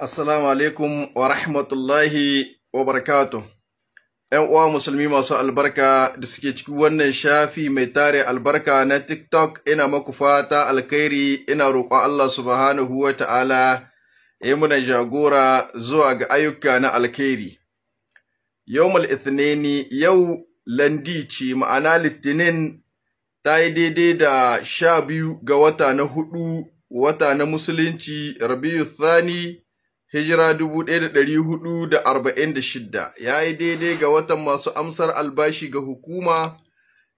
Assalamu alaikum wa rahmatullahi wa barkatun. ‘Yan uwa musulmi masu albarka da suke cikin wannan shafi mai tare albarka na TikTok ina maku fata alkhairi ina roƙo Allah subhanahu wa ta'ala ya muna jagora zuwa ga ayyuka na alkhairi. Yau Ithnini yau landi ce ma'ana Litinin ta yi daidai da sha biyu ga wata na hudu wata na musulunci Rabiu Thani hijira 1446 ya yi daidai ga watan masu amsar albashi ga hukuma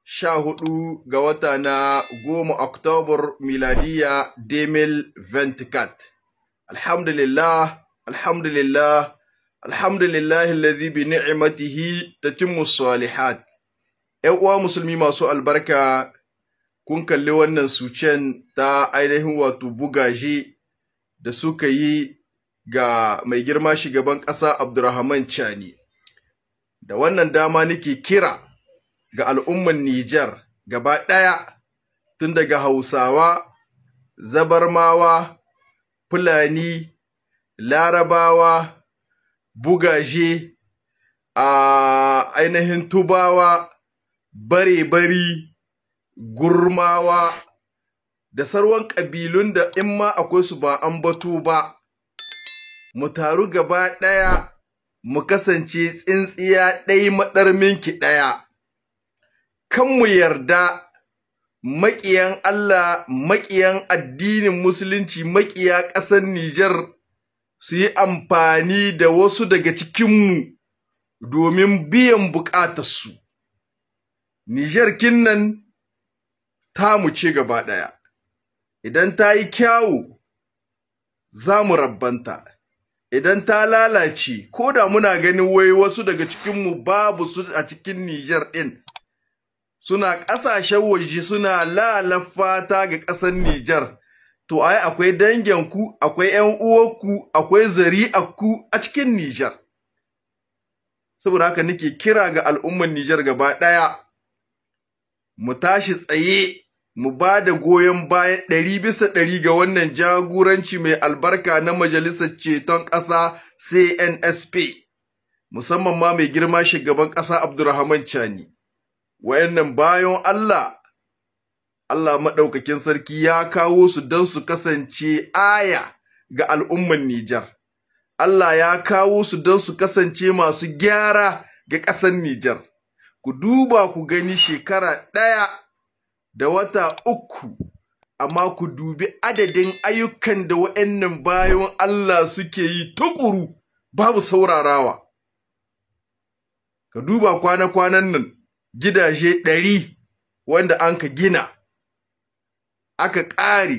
14 ga wata na 10 oktobar miladiya demil ventikat alhamdulillah alhamdulillah alhamdulillah alladhi bi ni'matihi tatimmu salihat ƴan uwa musulmi masu albarka kun kalli wannan sucen ta ainihin wato bugaji da suka yi ga mai girma shugaban ƙasa Abdurrahman Chani. Da wannan dama nake kira ga al'umman Nijar gaba ɗaya tun daga Hausawa, Zabarmawa, Fulani, Larabawa, Bugaje, a ainihin Tubawa, Bare-bari, Gurmawa, da sarwan ƙabilun da in ma akwai su ba an batu ba. mu taru gaba ɗaya mu kasance tsintsiya ɗai maɗarminki ɗaya, kan mu yarda maƙiyan Allah, maƙiyan addinin Musulunci, maƙiya ƙasar Nijar su yi amfani da wasu daga cikinmu domin biyan buƙatarsu. Nijar kinnan ta mu ce gaba ɗaya, idan ta yi kyawu za mu rabbanta. idan ta lalace ko da muna ganin wai wasu daga cikinmu babu su a cikin Nijar ɗin suna ƙasashen waje suna lalafata ga ƙasar Nijar to ai akwai danginku akwai ƴan uwanku akwai zari'arku a cikin Nijar saboda haka nake kira ga al'ummar Nijar gaba ɗaya mu tashi tsaye mu ba da goyon baya ɗari bisa ɗari ga wannan jagoranci mai albarka na Majalisar Ceton Ƙasa CNSP, musamman ma mai girma shugaban ƙasa Abdurrahman Chani. Wayannan bayan Allah, Allah maɗaukakin sarki ya kawo su don su kasance aya ga al'umman Nijar. Allah ya kawo su don su kasance masu gyara ga ƙasar Nijar. Ku duba ku gani shekara ɗaya da wata uku amma ku dubi adadin ayyukan da wa'annan bayan Allah suke yi tukuru babu saurarawa ka duba kwana-kwanan nan gidaje ɗari wanda an ka gina aka ƙare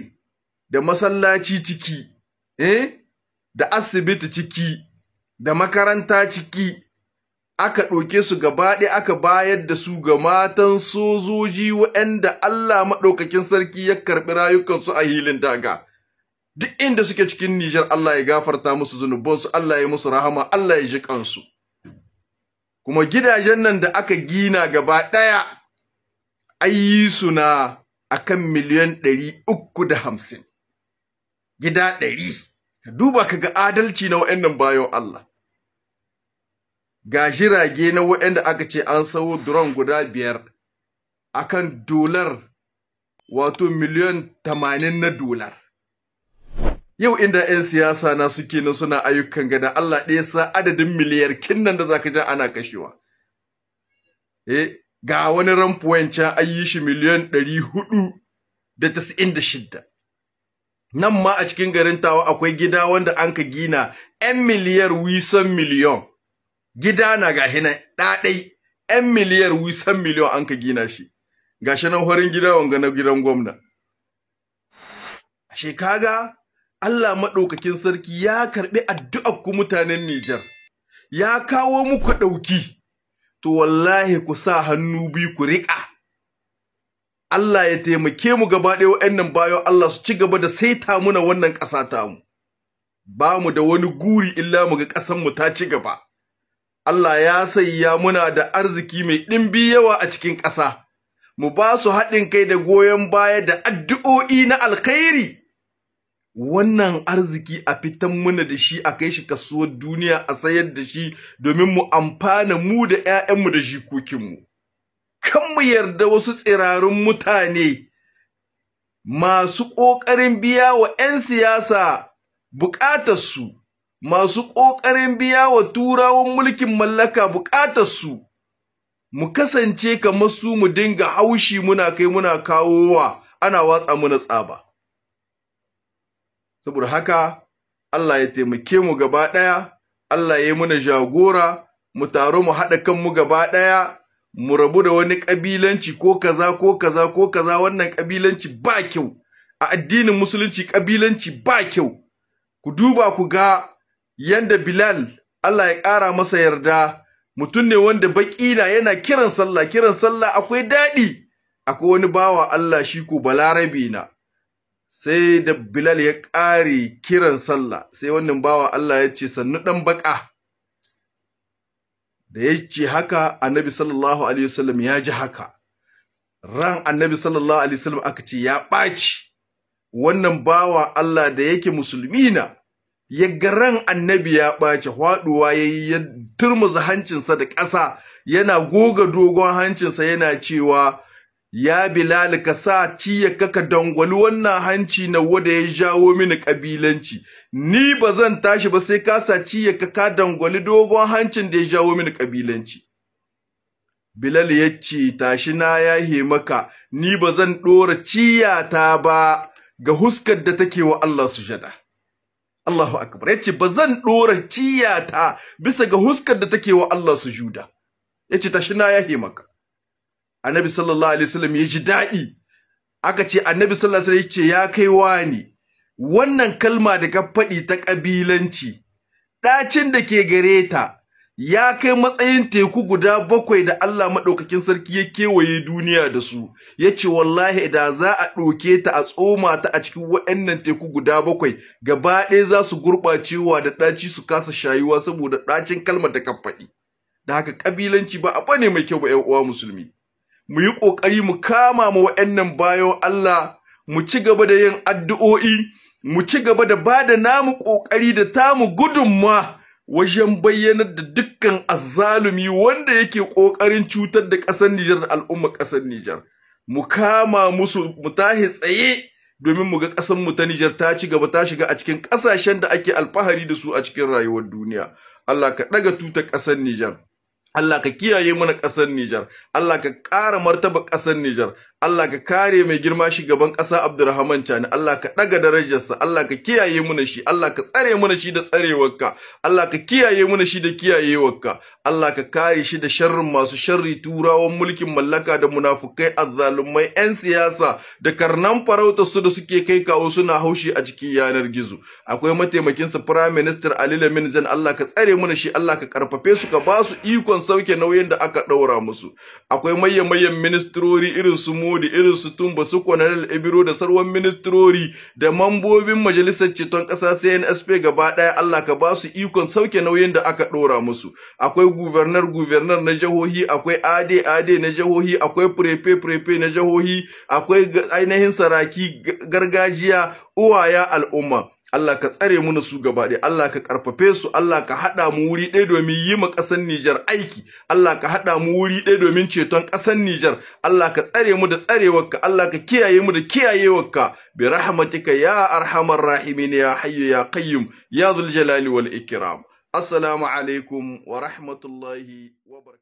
da masallaci ciki eh da asibiti ciki da makaranta ciki aka ɗauke su gaba ɗaya aka bayar da su ga matan sojoji waɗanda Allah maɗaukakin sarki ya karɓi rayukansu a hilin daga. Duk inda suke cikin Nijar Allah ya gafarta musu zunubansu, Allah ya musu rahama, Allah ya ji kansu. Kuma gidajen nan da aka gina gaba ɗaya, ayi suna a kan miliyan ɗari uku da hamsin. Gida ɗari, ka duba ka ga adalci na waɗannan bayan Allah. ga jirage na waɗanda aka ce an sawo drone guda biyar akan dolar wato miliyan tamanin na dolar yau inda 'yan siyasa na suke na suna ayyukan gada Allah ɗaya sa adadin miliyar kinnan da ka ja ana kashewa eh ga wani rampuwan can an yi shi miliyan ɗari hudu da tasa'in da shidda nan ma a cikin garin tawa akwai gida wanda an ka gina 'yan miliyar wisan miliyon gida na gashi nan ɗaɗai ‘yan miliyar wisan miliyan an ka gina shi gashi nan horin gida wanga na gidan gwamna ashe kaga Allah maɗaukakin sarki ya karɓi addu'ar ku mutanen Nijar ya kawo muku ɗauki to wallahi ku sa hannu biyu ku riƙa Allah ya taimake mu gaba ɗaya waɗannan bayo Allah su ci gaba da saita muna wannan ƙasa tamu ba mu da wani guri illa mu ga ƙasar mu ta ci gaba Allah ya sayya muna da arziki mai ɗimbi yawa a cikin ƙasa, mu ba su haɗin kai da goyon baya da addu'o'i na alkhairi. Wannan arziki a fitan muna da shi a kai shi kasuwar duniya a sayar da shi domin mu amfana mu da ‘ya'yanmu da jikokinmu. Kan mu yarda wasu tsirarun mutane masu ƙoƙarin biya wa ‘yan siyasa buƙatarsu. masu ƙoƙarin biya wa turawan mulkin mallaka su, mu kasance kamar su mu dinga haushi muna kai muna kawowa ana watsa muna tsaba saboda haka Allah ya taimake mu gaba ɗaya Allah ya yi muna jagora mu taro mu haɗa kanmu gaba ɗaya mu rabu da wani ƙabilanci ko kaza ko kaza ko kaza wannan ƙabilanci ba kyau a addinin musulunci ƙabilanci ba kyau ku duba ku ga yanda Bilal Allah ya ƙara masa yarda mutum ne wanda na yana kiran sallah kiran sallah akwai daɗi akwai wani bawa Allah shi ko balarabe na sai da Bilal ya ƙare kiran sallah sai wannan bawa Allah ya ce sannu ɗan baƙa da ya ce haka annabi sallallahu alaihi wasallam ya ji haka ran annabi sallallahu alaihi wasallam aka ce ya ɓaci wannan bawa Allah da yake musulmi na ya garan annabi ya ɓace haɗuwa ya yi ya turmuza hancinsa da ƙasa yana goga dogon hancinsa yana cewa ya bilal ka sa ya ka dangwali wannan hanci na wanda ya jawo mini ƙabilanci, ni ba zan tashi ba sai ka sa ya ka dangwali dogon hancin da ya jawo mini kabilanci bilal ya ce tashi na yahe maka ni ba zan ɗora ciyata ba ga huskar da take wa Allah sujada Allahu akbar yace zan dora ciyata bisa ga huskar da take wa Allah sujuda yace tashi na yahe maka Annabi sallallahu alaihi wasallam ya ji dadi aka ce Annabi sallallahu alaihi wasallam ya kai wani wannan kalma da ka faɗi ta kabilanci dacin da ke gare ta ya kai matsayin teku guda bakwai da Allah maɗaukakin sarki ya kewaye duniya da su ya ce wallahi da za a ɗauke ta a tsoma ta a cikin waɗannan teku guda bakwai gaba ɗaya za su gurɓacewa da ɗaci su kasa shayuwa saboda ɗacin kalmar ta faɗi. da haka ƙabilanci ba a ne mai kyau ba 'yan uwa musulmi mu yi ƙoƙari mu kama ma waɗannan bayan Allah mu ci gaba da yin addu'o'i mu ci gaba da ba da namu ƙoƙari da tamu gudunmawa wajen bayyanar da dukkan azalumi wanda yake ƙoƙarin cutar da ƙasar Nijar da al'ummar ƙasar Nijar. Mu kama musu mu tahi tsaye domin mu ga ƙasar mu ta Nijar ta ci gaba ta shiga a cikin ƙasashen da ake alfahari da su a cikin rayuwar duniya. Allah ka ɗaga tutar ƙasar Nijar. Allah ka kiyaye mana ƙasar Nijar, Allah ka ƙara martaba ƙasar Nijar, Allah ka kare mai girma shi gaban ƙasa Abdurrahman Tani Allah ka ɗaga darajarsa Allah ka kiyaye muna shi Allah ka tsare muna shi da tsarewarka Allah ka kiyaye muna shi da kiyayewarka Allah ka kare shi da sharrin masu sharri turawan mulkin mallaka da munafukai azzalumai 'yan siyasa da karnan farauta su da suke kai kawo suna haushi a cikin yanar gizo akwai mataimakin sa Prime Minister Ali Lamin Zan Allah ka tsare muna shi Allah ka karfafe su ka ba su ikon sauke nauyin da aka ɗaura musu akwai mayyan mayyan ministrori irin su da irin su tumba su kwanarel al'abiru da sarwan ministrori da mambobin majalisar ceton ƙasa CNSP gaba ɗaya Allah ka ba su ikon sauke nauyin da aka ɗora musu akwai guvernar guvernar na jihohi akwai ade ade na jihohi akwai prepe prepe na jihohi akwai ainihin saraki gargajiya uwaya al'umma Allah ka tsare mu su gaba ɗaya Allah ka karfafe su Allah ka haɗa mu wuri ɗaya domin yi ma ƙasar Nijar aiki Allah ka haɗa mu wuri ɗaya domin ceton ƙasar Nijar Allah ka tsare mu da tsarewarka Allah ka kiyaye mu da kiyayewarka bi rahmatika ya arhamar rahimin ya hayyu ya qayyum ya dhul jalali wal ikiram. assalamu alaikum wa rahmatullahi wa barakatuh